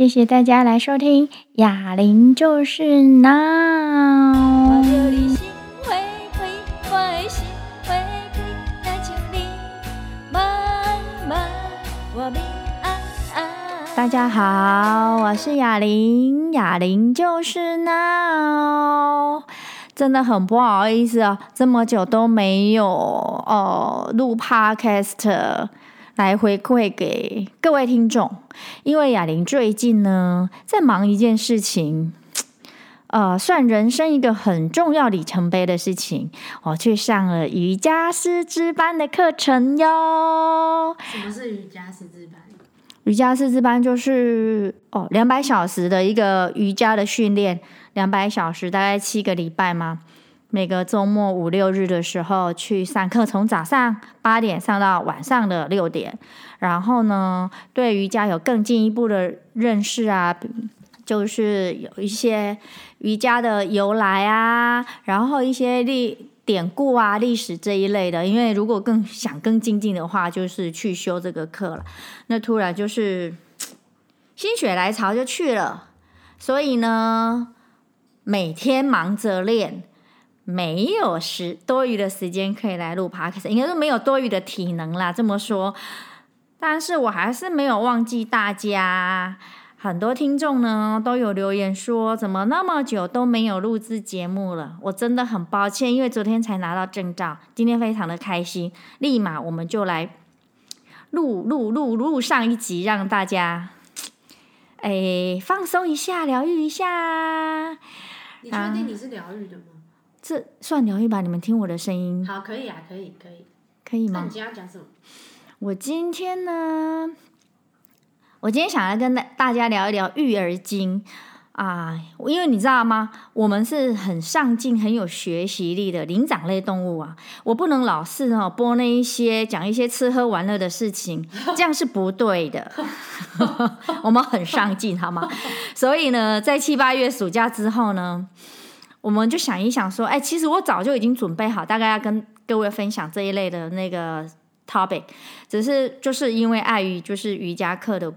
謝謝大家來收聽《雅玲就是 Now》。我我你大家好，我是雅玲，雅玲就是 Now。真的很不好意思哦、啊，這麼久都沒有哦、呃、錄 Podcast。來回饋給各位聽眾，因為雅琳最近呢在忙一件事情，呃，算人生一個很重要里程碑的事情，我去上了瑜伽師資班的課程喲。什麼是瑜伽師資班？瑜伽師資班就是哦，兩百小時的一個瑜伽的訓練，兩百小時大概七個禮拜嗎？每個周末五六日的時候去上課，從早上八點上到晚上的六點。然後呢，對瑜伽有更進一步的認識啊，就是有一些瑜伽的由來啊，然後一些歷典故啊、歷史這一類的。因為如果更想更精進的話，就是去修這個課了。那突然就是心血來潮就去了，所以呢，每天忙着練。沒有時多餘的時間可以來錄帕克斯，應該是沒有多餘的體能啦這麼說。但是我還是沒有忘記大家，很多聽眾呢都有留言說，怎麼那麼久都沒有錄製節目了？我真的很抱歉，因為昨天才拿到證照，今天非常的開心，立馬我們就來錄錄錄錄上一集，讓大家哎放鬆一下，療癒一下。你確定你是療癒的嗎？Uh, 這算聊一吧，你們聽我的聲音。好，可以啊，可以，可以，可以嗎？我今天呢，我今天想要跟大大家聊一聊育兒經啊，因為你知道嗎？我們是很上進、很有學習力的靈長類動物啊，我不能老是哈播那一些講一些吃喝玩樂的事情，這樣是不對的。 我們很上進，好嗎？所以呢，在七八月暑假之後呢。我們就想一想說，哎，其實我早就已經準備好，大概要跟各位分享這一類的那個 topic，只是就是因為礙於就是瑜伽課的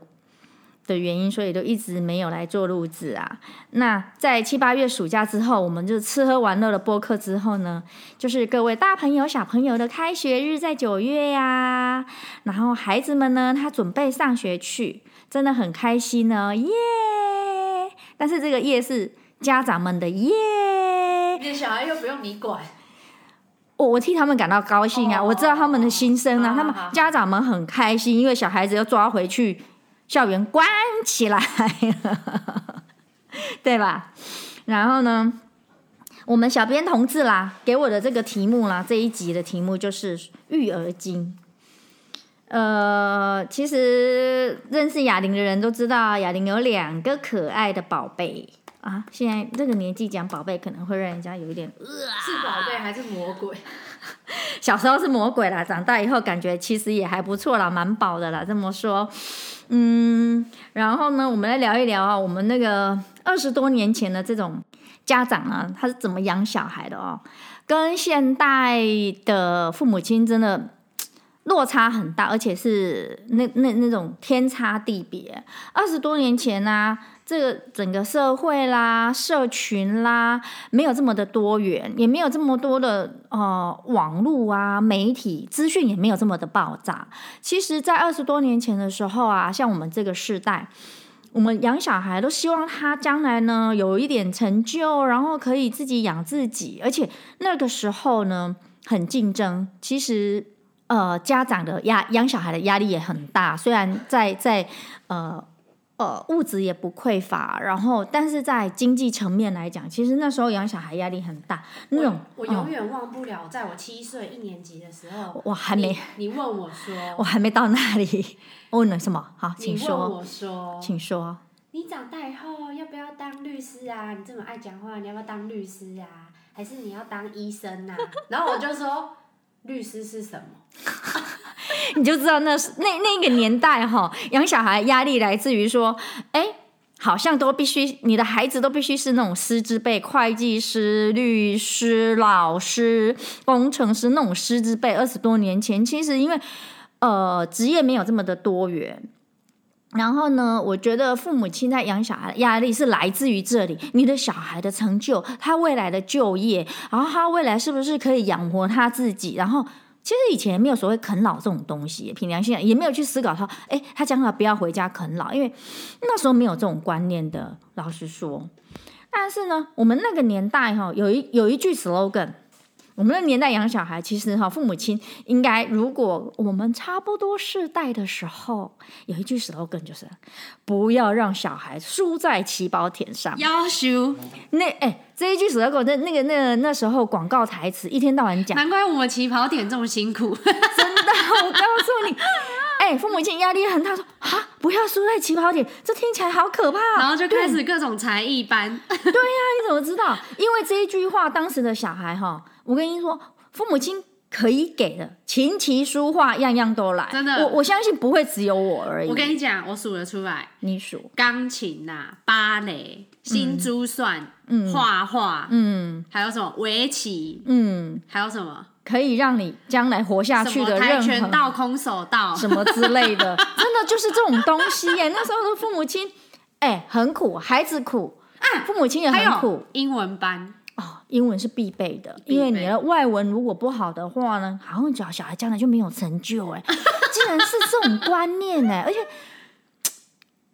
的原因，所以都一直沒有來做錄制啊。那在七八月暑假之後，我們就吃喝玩樂的播客之後呢，就是各位大朋友小朋友的開學日在九月呀，啊，然後孩子們呢，他準備上學去，真的很開心呢，耶、yeah!！但是這個夜是家長們的耶、yeah!。小孩又不用你管，我、哦、我替他們感到高興啊！Oh, 我知道他們的心聲啊，好好他們家長們很開心好好，因為小孩子又抓回去校園關起來了 對吧？然後呢，我們小編同志啦，給我的這個題目啦，這一集的題目就是《育兒經》。呃，其實認識雅玲的人都知道，雅玲有兩個可愛的寶貝。啊，現在這個年紀講寶貝可能會讓人家有一點，是寶貝還是魔鬼？ 小時候是魔鬼啦，長大以後感覺其實也還不錯啦，蠻寶的啦。這麼說，嗯，然後呢，我們來聊一聊啊，我們那個二十多年前的這種家長呢、啊，他是怎麼養小孩的哦？跟現代的父母親真的落差很大，而且是那那那種天差地別。二十多年前呢、啊？這個整個社會啦、社群啦，沒有這麼的多元，也沒有這麼多的呃網絡啊、媒體資訊，也沒有這麼的爆炸。其實，在二十多年前的時候啊，像我們這個世代，我們養小孩都希望他將來呢有一點成就，然後可以自己養自己。而且那個時候呢，很競爭。其實，呃，家長的壓養小孩的壓力也很大。雖然在在呃。呃，物質也不匱乏，然後但是在經濟層面來講，其實那時候養小孩壓力很大。那種我，我永遠忘不了，哦，在我七歲一年級的時候，我還沒你，你問我說，我還沒到那裡。問了什麼？好，請說。請說。你長大以後要不要當律師啊？你這麼愛講話，你要不要當律師啊？還是你要當醫生啊？ 然後我就說，律師是什麼？你就知道那那那個年代吼，養小孩壓力來自於說，哎，好像都必須你的孩子都必須是那種師字輩，會計師、律師、老師、工程師那種師字輩。二十多年前，其實因為呃職業沒有這麼的多元，然後呢，我覺得父母親在養小孩壓力是來自於這裡，你的小孩的成就，他未來的就業，然後他未來是不是可以養活他自己，然後。其實以前沒有所謂啃老這種東西，憑良心講也沒有去思考他，誒，他將來不要回家啃老，因為那時候沒有這種觀念的，老實說。但是呢，我們那個年代哈，有一有一句 slogan。我們的年代養小孩，其實哈，父母親應該，如果我們差不多世代的時候，有一句 slogan 就是，不要讓小孩輸在起跑點上。要輸那哎、欸，這一句 slogan，那那個那那時候廣告台詞，一天到晚講。難怪我們起跑點這麼辛苦， 真的，我告訴你，哎、欸，父母親壓力很大，說啊，不要輸在起跑點，這聽起來好可怕，啊，然後就開始各種才藝班。 對呀，啊，你怎麼知道？因為這一句話，當時的小孩哈。我跟你說，父母親可以給的琴棋書畫樣樣都來，真的。我我相信不會只有我而已。我跟你講，我數得出來。你數鋼琴吶、啊，芭蕾、新珠算、畫、嗯、畫，嗯，還有什麼圍棋，嗯，還有什麼可以讓你將來活下去的任何跆拳道、空手道 什麼之類的，真的就是這種東西耶。 那時候的父母親，哎、欸，很苦，孩子苦，嗯、父母親也很苦。還有英文班。英文是必備的，因為你的外文如果不好的話呢，好像小孩將來就沒有成就誒，竟然是這種觀念誒， 而且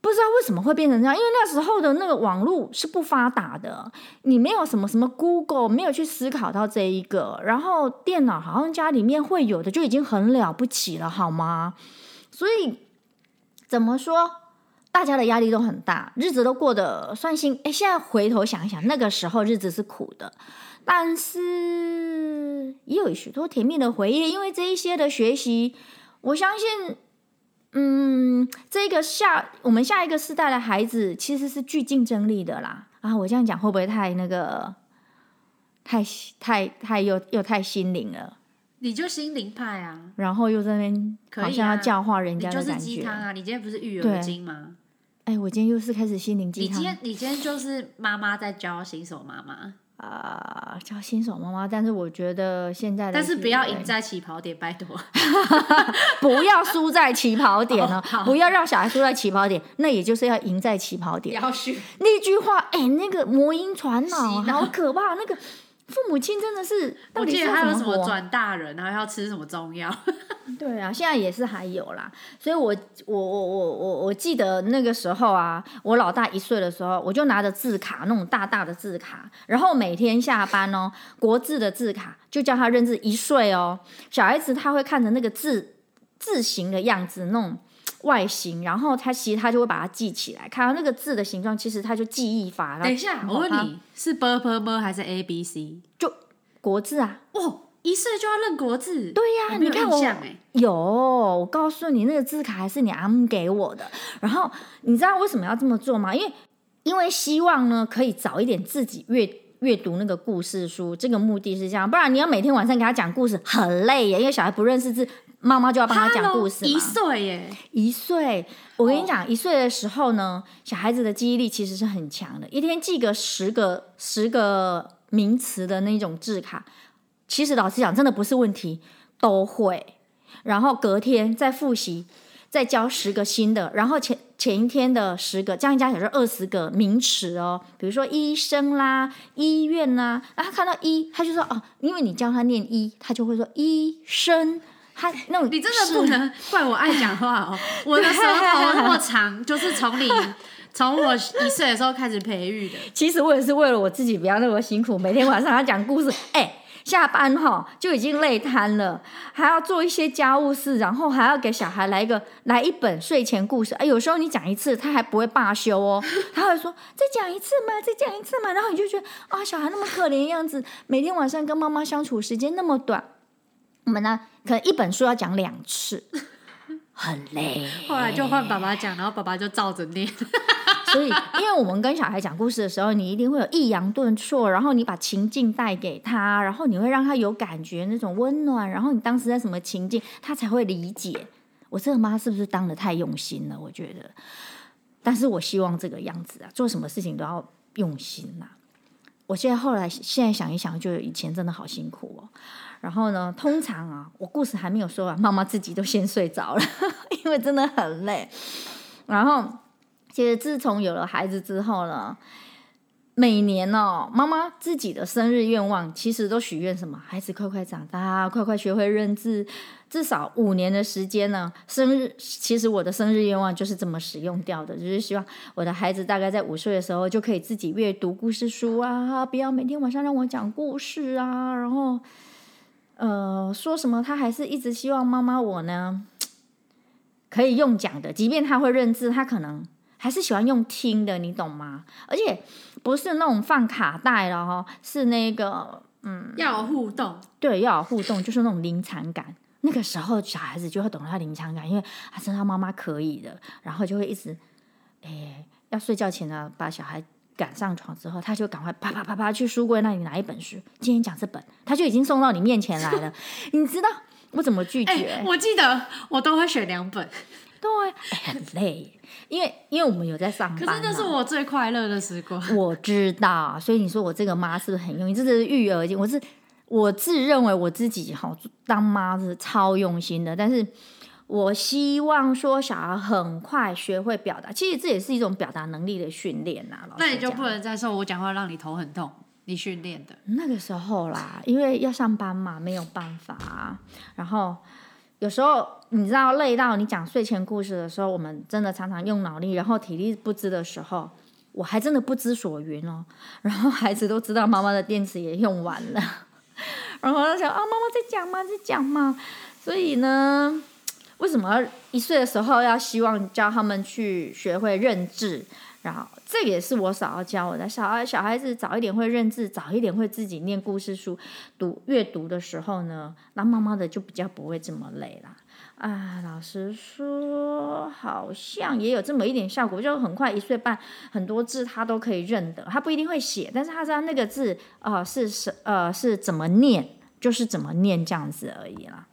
不知道為什麼會變成這樣，因為那時候的那個網絡是不發達的，你沒有什麼什麼 Google，沒有去思考到這一個，然後電腦好像家裡面會有的就已經很了不起了，好嗎？所以怎麼說？大家的壓力都很大，日子都過得酸辛。哎、欸，現在回頭想一想，那個時候日子是苦的，但是也有許多甜蜜的回憶。因為這一些的學習，我相信，嗯，這個下我們下一個世代的孩子其實是具競爭力的啦。啊，我這樣講會不會太那個，太太太又又太心靈了？你就心靈派啊，然後又在那邊好像要教化人家的感覺。啊、你就是雞湯啊！你今天不是育兒經嗎？哎，我今天又是開始心靈雞湯。你今天，你今天就是媽媽在教新手媽媽啊、呃，教新手媽媽。但是我覺得現在但是不要贏在起跑點，拜託， 不要輸在起跑點哦、oh,，不要讓小孩輸在起跑點，那也就是要贏在起跑點。要輸那句話，哎，那個魔音傳腦，腦好可怕那個。父母親真的是，到底是、啊，我記得他有什麼轉大人然後要吃什麼中藥？ 對啊，現在也是還有啦。所以我，我我我我我我記得那個時候啊，我老大一歲的時候，我就拿着字卡，那種大大的字卡，然後每天下班哦，國字的字卡，就叫他認字。一歲哦，小孩子他會看着那個字字形的樣子，那種。外形，然後他其實他就會把它記起來，看到那個字的形狀，其實他就記憶法。等一下，我問你是啵啵啵還是 A B C？就國字啊！哦，一歲就要認國字？對呀、啊，你看我有，我告訴你，那個字卡還是你阿母給我的。然後你知道為什麼要這麼做嗎？因為因為希望呢，可以早一點自己閱。閱讀那個故事書，這個目的是這樣，不然你要每天晚上給他講故事，很累耶。因為小孩不認識字，媽媽就要幫他講故事。Hello，一歲耶，一歲。我跟你講，oh. 一歲的時候呢，小孩子的記憶力其實是很強的，一天記個十個十個名詞的那種字卡，其實老實講，真的不是問題，都會。然後隔天再複習。再教十個新的，然後前前一天的十個加一加起來是二十個名詞哦。比如說醫生啦、醫院吶，然後他看到醫他就說哦，因為你教他念醫，他就會說醫生。他那種你真的不能怪我愛講話哦， 我的舌頭那麼長， 就是從你從我一歲的時候開始培育的。其實我也是為了我自己不要那麼辛苦，每天晚上他講故事，哎、 欸。下班哈、哦、就已經累癱了，還要做一些家務事，然後還要給小孩來一個來一本睡前故事。哎，有時候你講一次他還不會罷休哦，他會說再講一次嘛，再講一次嘛。然後你就覺得啊、哦，小孩那麼可憐樣子，每天晚上跟媽媽相處時間那麼短，我們呢可能一本書要講兩次，很累。後來就換爸爸講，然後爸爸就照着念。 所以，因為我們跟小孩講故事的時候，你一定會有抑揚頓挫，然後你把情境帶給他，然後你會讓他有感覺那種溫暖，然後你當時在什麼情境，他才會理解。我這個媽是不是當得太用心了？我覺得，但是我希望這個樣子啊，做什麼事情都要用心吶、啊。我現在後來現在想一想，就以前真的好辛苦哦。然後呢，通常啊，我故事還沒有說完，媽媽自己都先睡着了，呵呵因為真的很累。然後。其實自從有了孩子之後呢，每年哦，媽媽自己的生日願望其實都許願什麼？孩子快快長大，快快學會認字，至少五年的時間呢。生日其實我的生日願望就是這麼使用掉的，就是希望我的孩子大概在五歲的時候就可以自己閱讀故事書啊，不要每天晚上讓我講故事啊。然後呃，說什麼他還是一直希望媽媽我呢可以用講的，即便他會認字，他可能。還是喜歡用聽的，你懂嗎？而且不是那種放卡帶了哈，是那個嗯，要有互動，對，要有互動，就是那種臨場感。 那個時候小孩子就會懂得他臨場感，因為他知道媽媽可以的，然後就會一直誒、欸，要睡覺前呢，把小孩趕上床之後，他就趕快啪啪啪啪，啪去書櫃那裡拿一本書，今天講這本，他就已經送到你面前來了。 你知道我怎麼拒絕？欸、我記得我都會選兩本。對，欸、很累，因為因為我們有在上班嘛，可是那是我最快樂的時光。我知道，所以你說我這個媽是不是很用心？這是育兒經，我是我自認為我自己哈當媽是超用心的，但是我希望說想要很快學會表達，其實這也是一種表達能力的訓練吶、啊。那你就不能再說我講話讓你頭很痛，你訓練的那個時候啦，因為要上班嘛，沒有辦法。然後。有時候你知道累到你講睡前故事的時候，我們真的常常用腦力，然後體力不支的時候，我還真的不知所云哦。然後孩子都知道媽媽的電池也用完了，然後他想啊、哦，媽媽在講嗎？在講嗎？所以呢，為什麼一歲的時候要希望教他們去學會認字？然後，這個也是我小要教我的。小孩小孩子，早一點會認字，早一點會自己念故事書、讀閱讀的時候呢，那慢慢的就比較不會這麼累啦。啊，老實說，好像也有這麼一點效果，就很快一歲半，很多字他都可以認得，他不一定會寫，但是他知道那個字，呃，是什呃是怎麼念，就是怎麼念這樣子而已啦。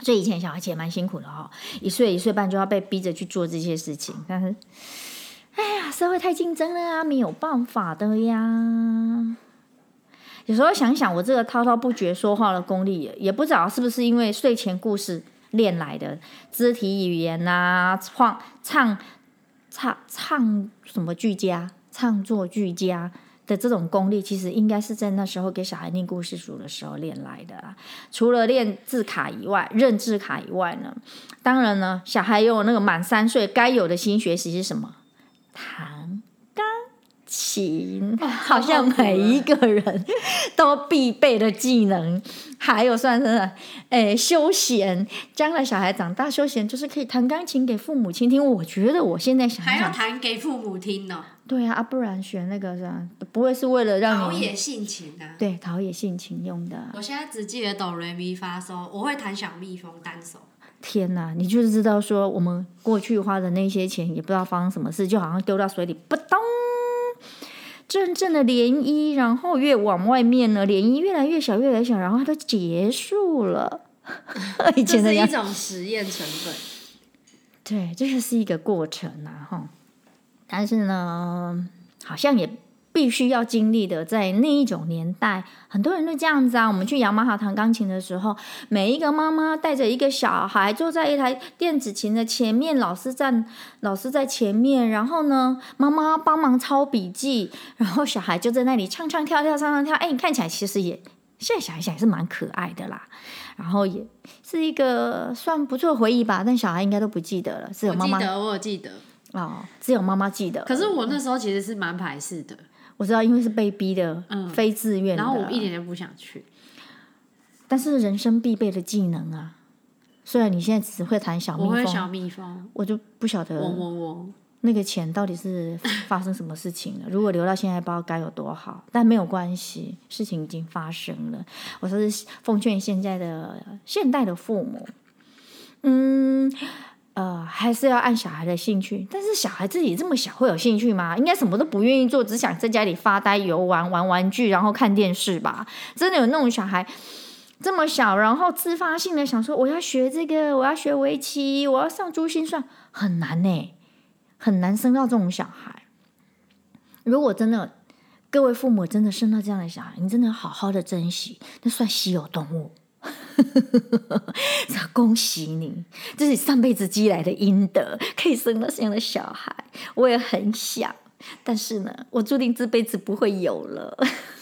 所以以前小孩子也蠻辛苦的哈，一歲一歲半就要被逼着去做這些事情，但是。哎呀，社會太競爭了啊，沒有辦法的呀。有時候想想，我這個滔滔不絕說話的功力，也不知道是不是因為睡前故事練來的。肢體語言啊，唱唱唱唱什麼俱佳，唱作俱佳的這種功力，其實應該是在那時候給小孩念故事書的時候練來的啊。除了練字卡以外，認字卡以外呢，當然呢，小孩有那個滿三歲該有的新學習是什麼？彈鋼琴好像每一個人都必備的技能，還有算是哎，休閒，將來小孩長大休閒就是可以彈鋼琴給父母親聽。我覺得我現在想想還要彈給父母聽呢。對啊，不然選那個是吧？不會是為了讓陶冶性情的啊，對，陶冶性情用的。我現在只記得哆瑞咪發嗦，我會彈小蜜蜂單手。天吶，你就是知道說我們過去花的那些錢，也不知道發生什麼事，就好像丟到水裡，撲通，陣陣的漣漪，然後越往外面呢，漣漪越來越小，越來越小，然後它都結束了 這。這是一種實驗成本，對，這就是一個過程然後、啊、哈，但是呢，好像也。必須要經歷的，在那一種年代，很多人都這樣子啊。我們去雅馬哈彈鋼琴的時候，每一個媽媽帶着一個小孩坐在一台電子琴的前面，老師站老師在前面，然後呢，媽媽幫忙抄筆記，然後小孩就在那裡唱唱跳跳唱唱跳。哎、欸，你看起來其實也現在想一想也是蠻可愛的啦，然後也是一個算不錯回憶吧。但小孩應該都不記得了，只有媽媽記得，我記得啊、哦，只有媽媽記得。可是我那時候其實是蠻排斥的。我知道，因為是被逼的，嗯，非自願的，然後我一點都不想去。但是，人生必備的技能啊，雖然你現在只會彈小蜜蜂，小蜜蜂，我就不曉得，我我我，那個錢到底是發生什麼事情了？ 如果留到現在，不知道該有多好。但沒有關係，事情已經發生了。我說是奉勸現在的現代的父母，嗯。呃，還是要按小孩的興趣，但是小孩自己這麼小會有興趣嗎？應該什麼都不願意做，只想在家裡發呆、遊玩、玩玩具，然後看電視吧。真的有那種小孩這麼小，然後自發性的想說我要學這個，我要學圍棋，我要上珠心算，很難呢、欸，很難生到這種小孩。如果真的各位父母真的生到這樣的小孩，你真的要好好的珍惜，那算稀有動物。 恭喜你，這是你上輩子積來的陰德，可以生到這樣的小孩。我也很想，但是呢，我注定這輩子不會有了。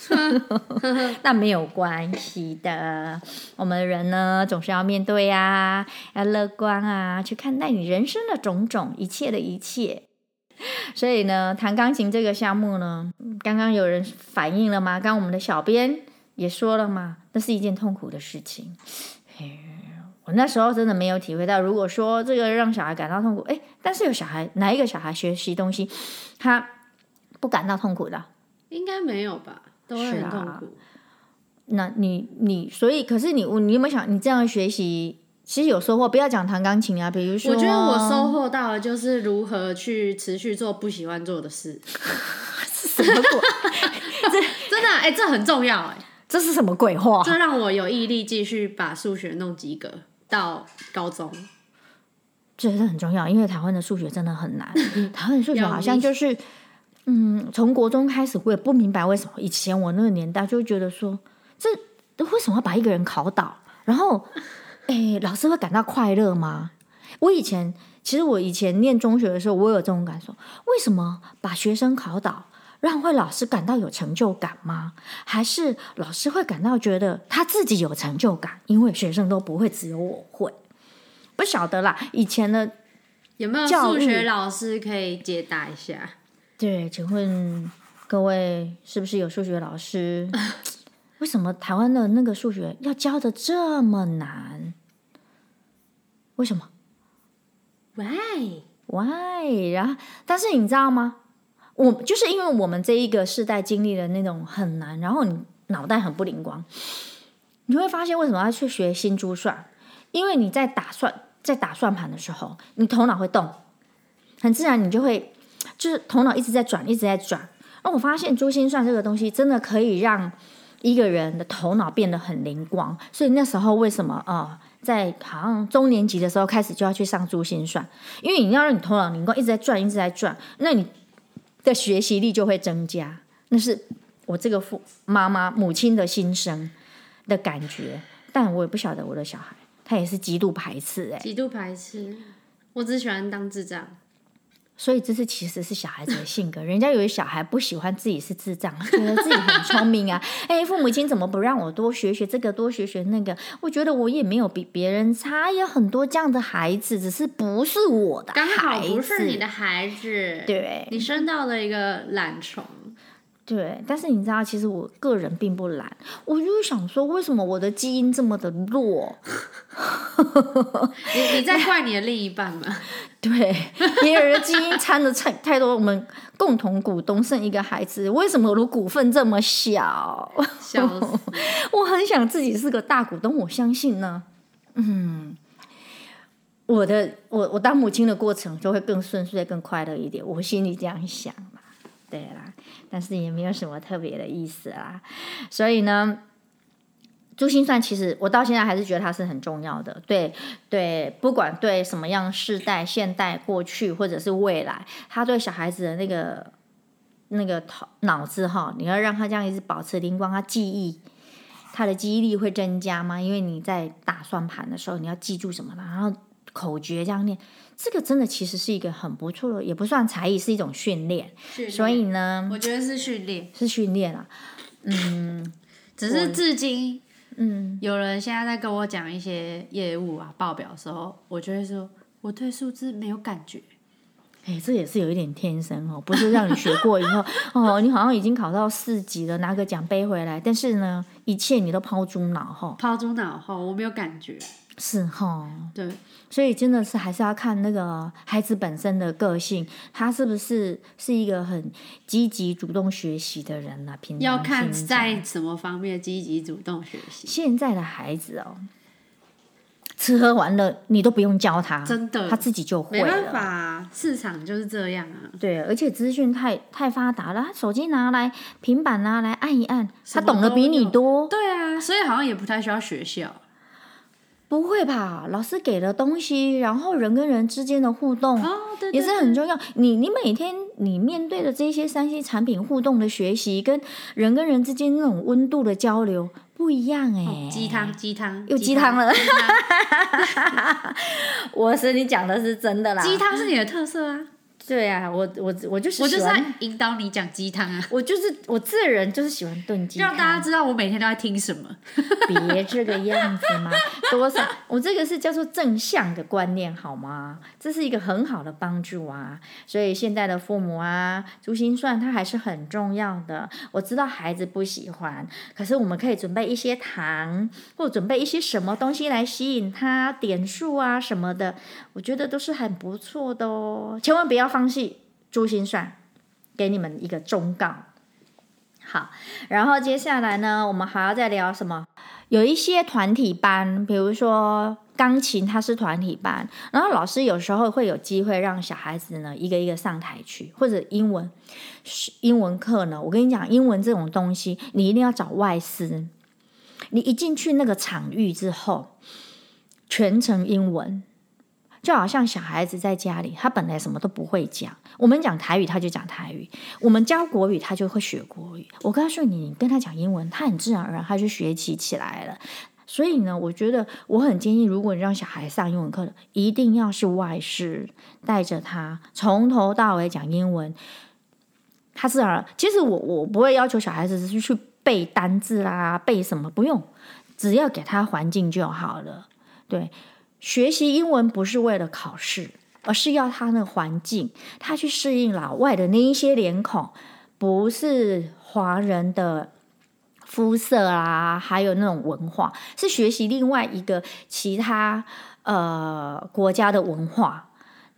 那沒有關係的，我們的人呢，總是要面對呀、啊，要樂觀啊，去看待你人生的種種一切的一切。所以呢，彈鋼琴這個項目呢，剛剛有人反映了嗎？剛剛我們的小編。也說了嘛，那是一件痛苦的事情。我那時候真的沒有體會到，如果說這個讓小孩感到痛苦，哎，但是有小孩哪一個小孩學習東西，他不感到痛苦的？應該沒有吧？都是痛苦。啊、那你你所以，可是你你有沒有想，你這樣學習其實有收穫？不要講彈鋼琴啊，比如說、哦，我覺得我收穫到的就是如何去持續做不喜歡做的事。 什麼果 真的哎、啊，這很重要哎、欸。這是什麼鬼話？這讓我有毅力繼續把數學弄及格到高中，這很重要，因為台灣的數學真的很難。 台灣的數學好像就是，嗯，從國中開始，我也不明白為什麼。以前我那個年代就覺得說，這為什麼要把一個人考倒？然後，哎，老師會感到快樂嗎？我以前，其實我以前念中學的時候，我有這種感受，為什麼把學生考倒？讓會老師感到有成就感嗎？還是老師會感到覺得他自己有成就感？因為學生都不會只有我會，不曉得啦。以前的教有沒有數學老師可以解答一下？對，請問各位是不是有數學老師？ 為什麼台灣的那個數學要教的這麼難？為什麼？Why？Why？Why? 然後，但是你知道嗎？我就是因為我們這一個世代經歷了那種很難，然後你腦袋很不靈光，你會發現為什麼要去學珠心算？因為你在打算在打算盤的時候，你頭腦會動，很自然你就會就是頭腦一直在轉一直在轉。而我發現珠心算這個東西真的可以讓一個人的頭腦變得很靈光，所以那時候為什麼啊、哦、在好像中年級的時候開始就要去上珠心算？因為你要讓你頭腦靈光，一直在轉一直在轉，那你。的學習力就會增加，那是我這個父、媽媽、母親的心聲的感覺，但我也不曉得我的小孩，他也是極度排斥、欸，哎，極度排斥，我只喜歡當智障。所以這是其實是小孩子的性格。人家有些小孩不喜歡自己是智障，覺得自己很聰明啊！ 哎，父母親怎麼不讓我多學學這個，多學學那個？我覺得我也沒有比別人差，也有很多這樣的孩子，只是不是我的，剛好不是你的孩子。對，你生到了一個懶蟲。對，但是你知道，其實我個人並不懶，我就想說，為什麼我的基因這麼的弱？ 你你在怪你的另一半嗎？ 對，你的基因摻的太 太多，我們共同股東生一個孩子，為什麼我的股份這麼小 笑死！我很想自己是個大股東，我相信呢。嗯，我的我我當母親的過程就會更順遂、更快樂一點，我心裡這樣想。對啦，但是也沒有什麼特別的意思啦，所以呢，珠心算其實我到現在還是覺得它是很重要的。對對，不管對什麼樣世代、現代、過去或者是未來，他對小孩子的那個那個頭腦子哈，你要讓他這樣一直保持靈光，他記憶他的記憶力會增加嗎？因為你在打算盤的時候，你要記住什麼，然後口訣這樣念。這個真的其實是一個很不錯的，也不算才藝，是一種訓練。訓練，所以呢，我覺得是訓練，是訓練啊。嗯，只是至今，嗯，有人現在在跟我講一些業務啊、報表的時候，我就會說我對數字沒有感覺。哎，這也是有一點天生哦，不是讓你學過以後 哦，你好像已經考到四級了，拿個獎盃回來，但是呢，一切你都拋諸腦後，拋諸腦後，我沒有感覺。是齁，對，所以真的是還是要看那個孩子本身的個性，他是不是是一個很積極主動學習的人呢、啊？平時要看在什麼方面積極主動學習。現在的孩子哦，吃喝玩樂你都不用教他，真的，他自己就會了。沒辦法、啊，市場就是這樣啊。對，而且資訊太太發達了，他手機拿來、平板拿來按一按，他懂得比你多。對啊，所以好像也不太需要學校。不會吧？老師給了東西，然後人跟人之間的互動，也是很重要。哦、對對對，你你每天你面對的這些三 C 產品互動的學習，跟人跟人之間那種溫度的交流不一樣誒、哦、雞湯，雞湯，又雞湯，雞湯了。雞湯，雞湯 我說你講的是真的啦。雞湯是你的特色啊。對啊，我我我就是喜歡我就是引導你講雞湯啊，我就是我自然人就是喜歡燉雞湯，讓大家知道我每天都在聽什麼。 別這個樣子嘛，多少？我這個是叫做正向的觀念好嗎？這是一個很好的幫助啊。所以現在的父母啊，珠心算它還是很重要的。我知道孩子不喜歡，可是我們可以準備一些糖，或準備一些什麼東西來吸引他點數啊什麼的。我覺得都是很不錯的哦，千萬不要。方式珠心算，給你們一個忠告。好，然後接下來呢，我們還要再聊什麼？有一些團體班，比如說鋼琴，它是團體班，然後老師有時候會有機會讓小孩子呢一個一個上台去，或者英文英文課呢，我跟你講，英文這種東西，你一定要找外師。你一進去那個場域之後，全程英文。就好像小孩子在家裡，他本來什麼都不會講。我們講台語，他就講台語；我們教國語，他就會學國語。我告訴你，你跟他講英文，他很自然而然，他就學習起，起來了。所以呢，我覺得我很建議，如果你讓小孩上英文課，一定要是外師，帶着他從頭到尾講英文，他自然而然。其實我我不會要求小孩子是去背單字啦，背什麼不用，只要給他環境就好了。對。學習英文不是為了考試，而是要他那環境，他去適應老外的那一些臉孔，不是華人的膚色啦，還有那種文化，是學習另外一個其他呃國家的文化，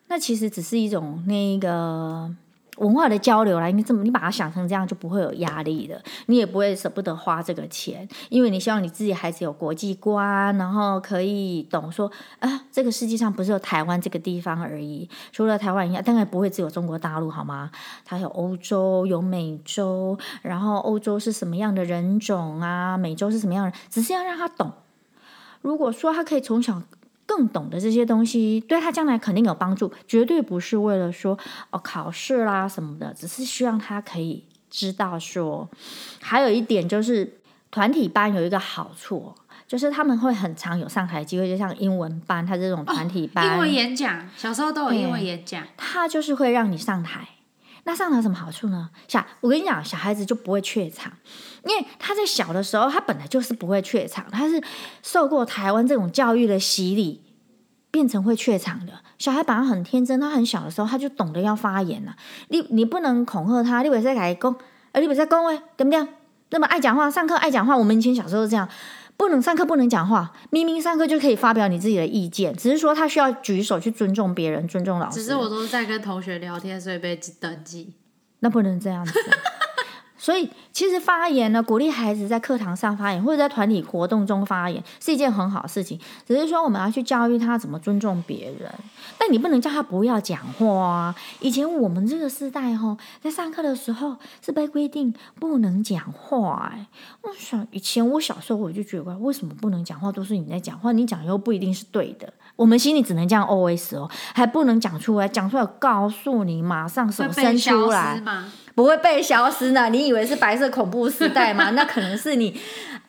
那其實只是一種那個。文化的交流啦，你怎麼你把它想成這樣就不會有壓力的，你也不會捨不得花這個錢，因為你希望你自己孩子有國際觀，然後可以懂說啊，這個世界上不是有台灣這個地方而已，除了台灣以外，當然不會只有中國大陸，好嗎？它有歐洲，有美洲，然後歐洲是什麼樣的人種啊？美洲是什麼樣的人？只是要讓他懂，如果說他可以從小，更懂得這些東西，對他將來肯定有幫助，絕對不是為了說哦，考試啦、什麼的，只是希望他可以知道說，還有一點就是團體班有一個好處哦，就是他們會很常有上台機會，就像英文班，他這種團體班，哦，英文演講，小時候都有英文演講，他就是會讓你上台。那上台有什麼好處呢？小，我跟你講，小孩子就不會怯場，因為他在小的時候，他本來就是不會怯場，他是受過台灣這種教育的洗禮，變成會怯場的小孩。反而很天真，他很小的時候他就懂得要發言了、啊。你你不能恐嚇他，你不要再講，哎、欸，你會再講哎你不在再喂哎對不對？那麼愛講話，上課愛講話，我們以前小時候是這樣。不能上課，不能講話。明明上課就可以發表你自己的意見，只是說他需要舉手去尊重別人，尊重老師。只是我都在跟同學聊天，所以被記登記。那不能這樣子， 所以。其實發言呢，鼓勵孩子在課堂上發言，或者在團體活動中發言，是一件很好的事情。只是說我們要去教育他怎麼尊重別人，但你不能叫他不要講話啊。以前我們這個時代哦，在上課的時候是被規定不能講話。欸。我想以前我小時候我就覺得，為什麼不能講話？都是你在講話，你講又不一定是對的。我們心裡只能這樣 OS 哦，還不能講出來，講出來告訴你，馬上手伸出來。會被消失嗎？不會被消失呢，你以為是白色的？恐怖時代嘛，那可能是你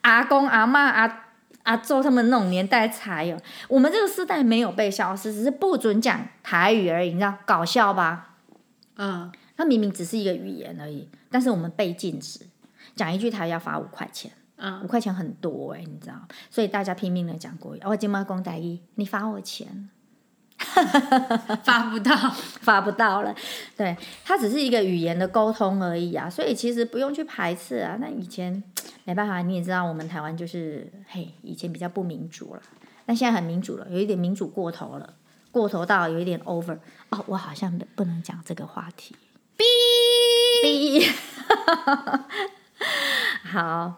阿公阿嬤、阿阿祖他們那種年代才有。我們這個時代沒有被消失，只是不准講台語而已，你知道搞笑吧？啊、嗯，那明明只是一個語言而已，但是我們被禁止講一句台語要罰五塊錢，啊、嗯，五塊錢很多哎、欸，你知道，所以大家拼命的講國語，我金媽公台語，你罰我錢。 發不到，發不到了。對，它只是一個語言的溝通而已啊，所以其實不用去排斥啊。那以前沒辦法，你也知道，我們台灣就是嘿，以前比較不民主了，但現在很民主了，有一點民主過頭了，過頭到有一點 over 哦。我好像不能講這個話題。逼逼 好。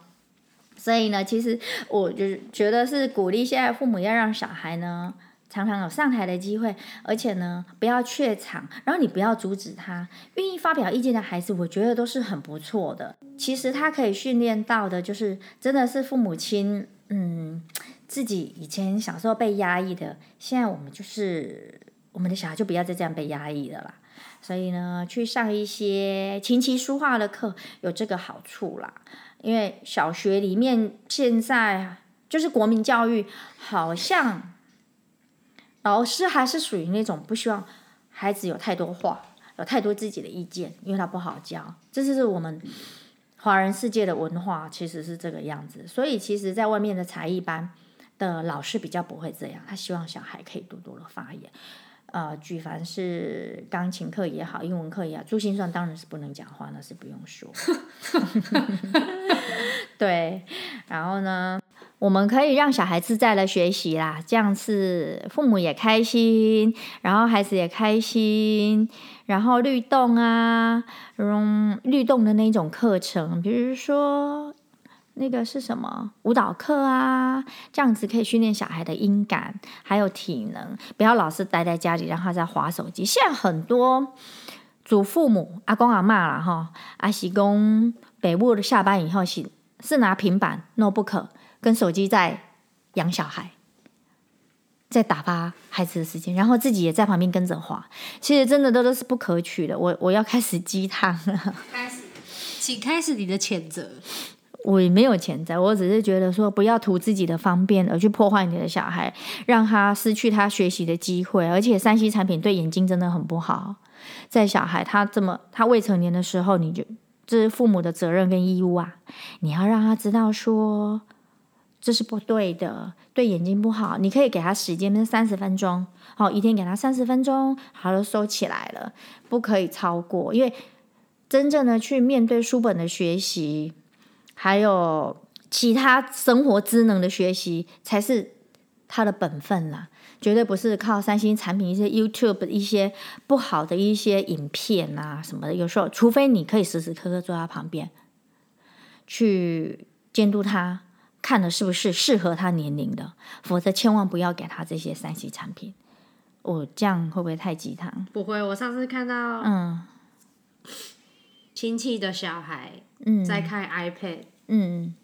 所以呢，其實我就是覺得是鼓勵現在父母要讓小孩呢，常常有上台的機會，而且呢，不要怯場，然後你不要阻止他，願意發表意見的孩子，我覺得都是很不錯的。其實他可以訓練到的，就是真的是父母親，嗯，自己以前小時候被壓抑的，現在我們就是我們的小孩就不要再這樣被壓抑的啦。所以呢，去上一些琴棋書畫的課，有這個好處啦。因為小學裡面現在就是國民教育，好像。老師還是屬於那種不希望孩子有太多話，有太多自己的意見，因為他不好教。這就是我們華人世界的文化，其實是這個樣子。所以，其實，在外面的才藝班的老師比較不會這樣，他希望小孩可以多多的發言。呃，舉凡是鋼琴課也好，英文課也好，珠心算當然是不能講話，那是不用說。 對，然後呢？我們可以讓小孩自在地學習啦，這樣子父母也開心，然後孩子也開心。然後律動啊，嗯，律動的那種課程，比如說那個是什麼舞蹈課啊，這樣子可以訓練小孩的音感，還有體能。不要老是待在家裡，讓他在滑手機。現在很多祖父母、阿公阿嬤啦，哈，阿喜公、北部的下班以後是是，是拿平板，no 不可。Notebook, 跟手機在養小孩，在打發孩子的時間，然後自己也在旁邊跟着滑。其實真的都都是不可取的。我我要開始雞湯了，開始，請開始你的譴責。我沒有譴責，我只是覺得說，不要圖自己的方便而去破壞你的小孩，讓他失去他學習的機會。而且三 C 產品對眼睛真的很不好，在小孩他這麼他未成年的時候，你就這、就是父母的責任跟義務啊，你要讓他知道說。這是不對的，對眼睛不好。你可以給他時間，不是三十分、分鐘，好，一天給他三十分鐘，好了，收起來了，不可以超過。因為真正的去面對書本的學習，還有其他生活智能的學習，才是他的本分啦。絕對不是靠三星產品、一些 YouTube 一些不好的一些影片啊什麼的。有時候，除非你可以時時刻刻坐在旁邊去監督他。看的是不是適合他年齡的，否則千萬不要給他這些三 C 產品。我、哦、這樣會不會太雞湯？不會，我上次看到嗯，親戚的小孩嗯在看 iPad 嗯。嗯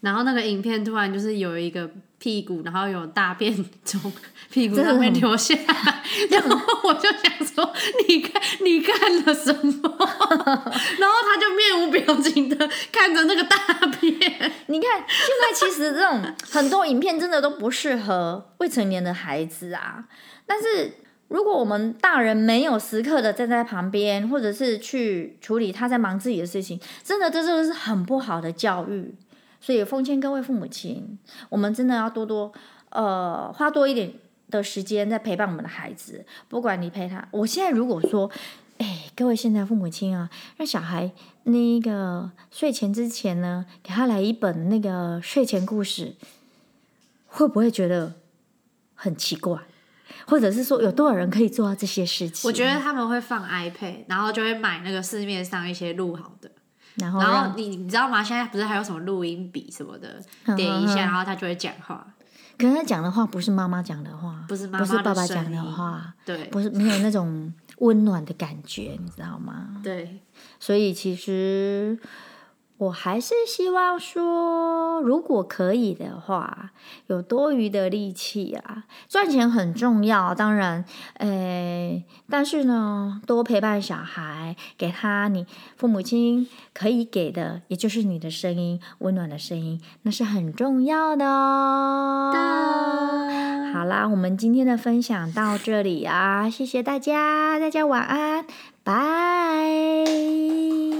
然後那個影片突然就是有一個屁股，然後有大便從屁股上面流下來，然後我就想說，你看你看了什麼？ 然後他就面無表情地看着那個大便。你看，現在其實這種很多影片真的都不適合未成年的孩子啊。但是如果我們大人沒有時刻的站在旁邊，或者是去處理他在忙自己的事情，真的這就是很不好的教育。所以奉勸各位父母親，我們真的要多多，呃，花多一點的時間在陪伴我們的孩子。不管你陪他，我現在如果說，哎，各位現在父母親啊，讓小孩那個睡前之前呢，給他來一本那個睡前故事，會不會覺得很奇怪？或者是說，有多少人可以做到這些事情？我覺得他們會放 iPad，然後就會買那個市面上一些錄好的。然後，然後你你知道嗎？現在不是還有什麼錄音筆什麼的？呵呵呵，點一下，然後他就會講話。可是他講的話不是媽媽講的話，嗯、不是媽媽的聲音，不是爸爸講的話，不是媽媽的聲音，對，不是沒有那種溫暖的感覺，你知道嗎？對，所以其實。我還是希望說，如果可以的話，有多餘的力氣啊，賺錢很重要，當然，誒、哎，但是呢，多陪伴小孩，給他你父母親可以給的，也就是你的聲音，溫暖的聲音，那是很重要的哦。嗯、好啦，我們今天的分享到這裡啊，謝謝大家，大家晚安，拜拜。